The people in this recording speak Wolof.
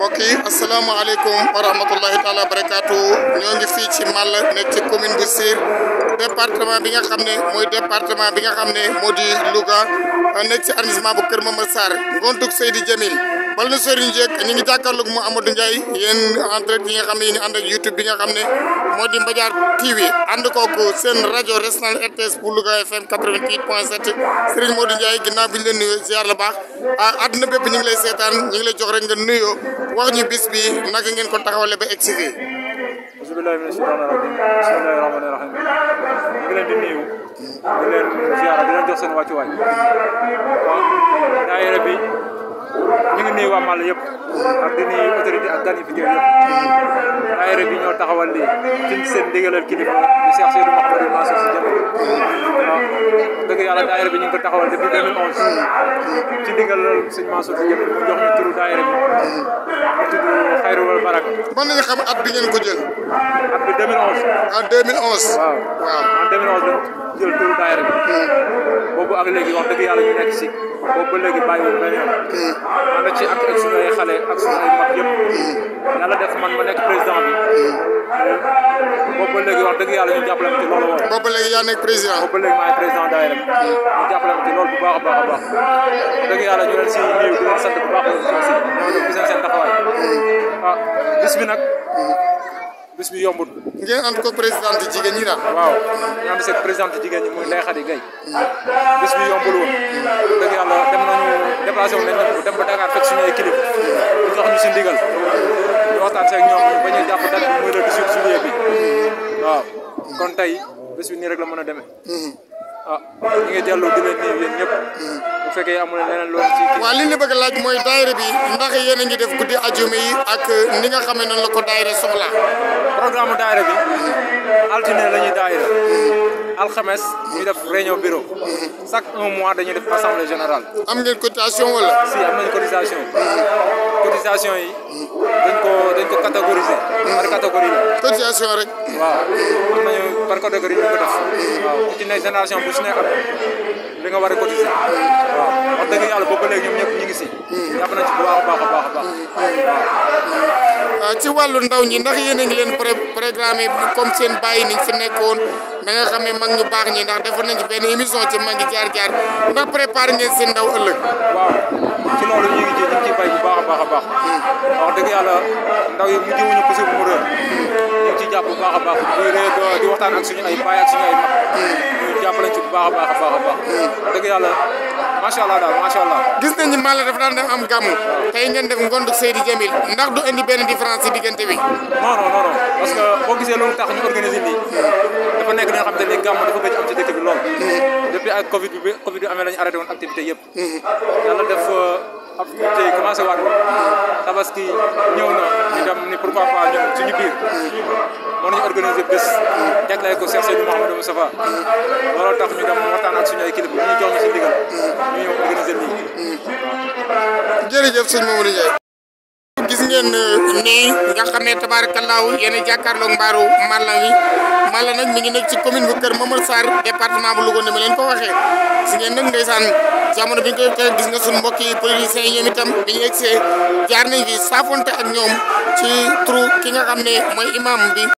mbokk yi asalaamaaleykum wa rahmatullahi taala barakaatu ñoo ngi fii ci Malle nekk ci commune bu Sire département bi nga xam ne mooy département bi nga xam ne moo di Louga nekk ci arrondissement bu Kër Momar Sarr ngontug di Jamil bal na Serigne jek ñu ngi jàkkaarloog mu Amadou ndjay yeen en direct yi nga xam ne and ak YouTube bi nga xam modi Mbadiar TV ko ko sen radio régional RTS pour Louga FM 88.7 Serigne Modou ndjay ginnaaw bi ñu leen nuyoo ziar la baax aduna ah, bepp ñu ngi lay seetaan ñu ngi lay jox rek nga nuyu wax ñu bis bi nak ngeen ko taxawale ba egg si Bismillahirrahmanirrahim. ngi leen di nuyu leen ziar jox daayira bi. nuyu waa Malla yëpp ak di nuyu autorité ak gan yi fi ñëw yëpp daayira bi ñoo taxawal lii ci seen ndigalal kilifa di Cheikh Seydou Mouhamadou Mansour Sy Djamil waaw dëgg yàlla daayira bi ñu ngi ko taxawal depuis 2011 ndigal loolu sëñ Mansour si jëpp mu jox ñu turu daayira bi mu tudd Xayru wal Baraka. mën nañu xam at bi ngeen ko jël. at bi 2011. en 2011. waaw waaw en 2011 dañ jël turu daayira bi. boobu ak léegi wax dëgg yàlla ñu nekk si boobu ba léegi bàyyiwul benn yoon. ànd ci ak ak suñu ay xale ak suñu ay mag yëpp. yàlla def man ma nekk président bi. boobu ba léegi wax dëgg yàlla ñu jàppale ma ci loolu woon. boobu ba léegi yaa nekk président. boobu ba léegi maay président daayira bi. Hmm. ñu jàppale ma ci loolu bu baax a baax a baax. dëgg yàlla ñu leen si nuyu di leen sant bu baax di leen si ñoo def gis nañ seen taxawaay. Hmm. ah bis bi nag. Hmm. bis bi yombul. ngeen ànd ko présidente jigéen ñi daal. waaw ñu ànd seeg présidente jigéen ñi muy Ndeye Khady Gueye. bis bi yombul woon. dëgg yàlla dem déplacé wu nañ bu dem ba Dakar fekk suñu ay kilifa ñu jox ñu si ndigal ñu waxtaan seeg ñoom bañ a jàpp date bi muy le 18 juillet bi waaw kon tey bés bi nii rek la mën a demee ah ñu ngi delloo di leen nuyu yéen ñëpp. bu fekkee amul leneen loolu ci. laaj mooy daayira bi ndax yéen a ngi def guddi ajuma yi ak ni nga xamee ne la ko daayira soxla programme daayira bi. altine la ñuy daayira. Mm-hmm. alxames ñu def réunion bureau. Mm-hmm. chaque un mois dañuy def assemblée général am ngeen cotisation wala. si am nañ cotisation. Mm-hmm. cotisation yi. dañ ko dañ ko catégoriser. par catégorie la. cotisation rek. waaw am nañu par catégorie ñu ko def. waaw ci génération ku si nekk ak li war a cotiser waaw dëgg yàlla boobu ba léegi ñoom ñëpp si yàpp ci bu ndaw ñi ndax yéen a leen programme comme seen bàyyi niñ si nekkoon da nga xam ne mag ñu baax ñi ndax defoon nañ ci benn émission ci mag ñi jaar jaar ndax préparé ngeen seen ndaw ëllëg waaw ci loolu ñu ngi ci ñu ngi bay baax baax baax mm. ndaw yi mu jiwuñu poussé bu mu ñu ngi ciy jàpp bu baax baax di waxtaan ak suñu ay baay ak suñu ay baax a baax a baax a baax. dëgg yàlla macha allah daal macha allah. gis nañ ni Malla dafa daan def am gàmmu. tey ngeen def ngonduk Seydi Djamil ndax du indi benn différence si diggante bi. non non non parce boo gisee loolu tax ñu organiser lii. dafa nekk li nga xam te gàmmu dafa gëj am ci dëkk bi lool. Mm-hmm. depuis Covid bi amee la ñu arrêté woon activité yëpp. Mm-hmm. yàlla def. Euh, ab te commencé waat ko tabaski ñëw na ñu dem ni pourquoi pas ñoom suñu biir mën nañu organiser bés jagleel ko Cheikh Seydou Mouhamadou Moustapha looloo tax ñu dem waxtaan ak suñu ay kilifa ñu jox ñu si ndigal ñu ñëw organiser lii jërëjëf sëñ Mamadou Ndiaye gis ngeen euh, nii nga xamee tabaarakallaahu yéen a jàkkaarloog mbaaru màlla wi Balla nag mi ngi nekk ci commune bu Kër Momar Sarr département bu Louga ni ma leen ko waxee si ngeen nag ndeysaan jamono bi gis nga suñu mbokk yi politiciens yi ñoom itam bi ñu eggsee jaar nañ fi saafonte ak ñoom ci turu ki nga xam ne mooy imam bi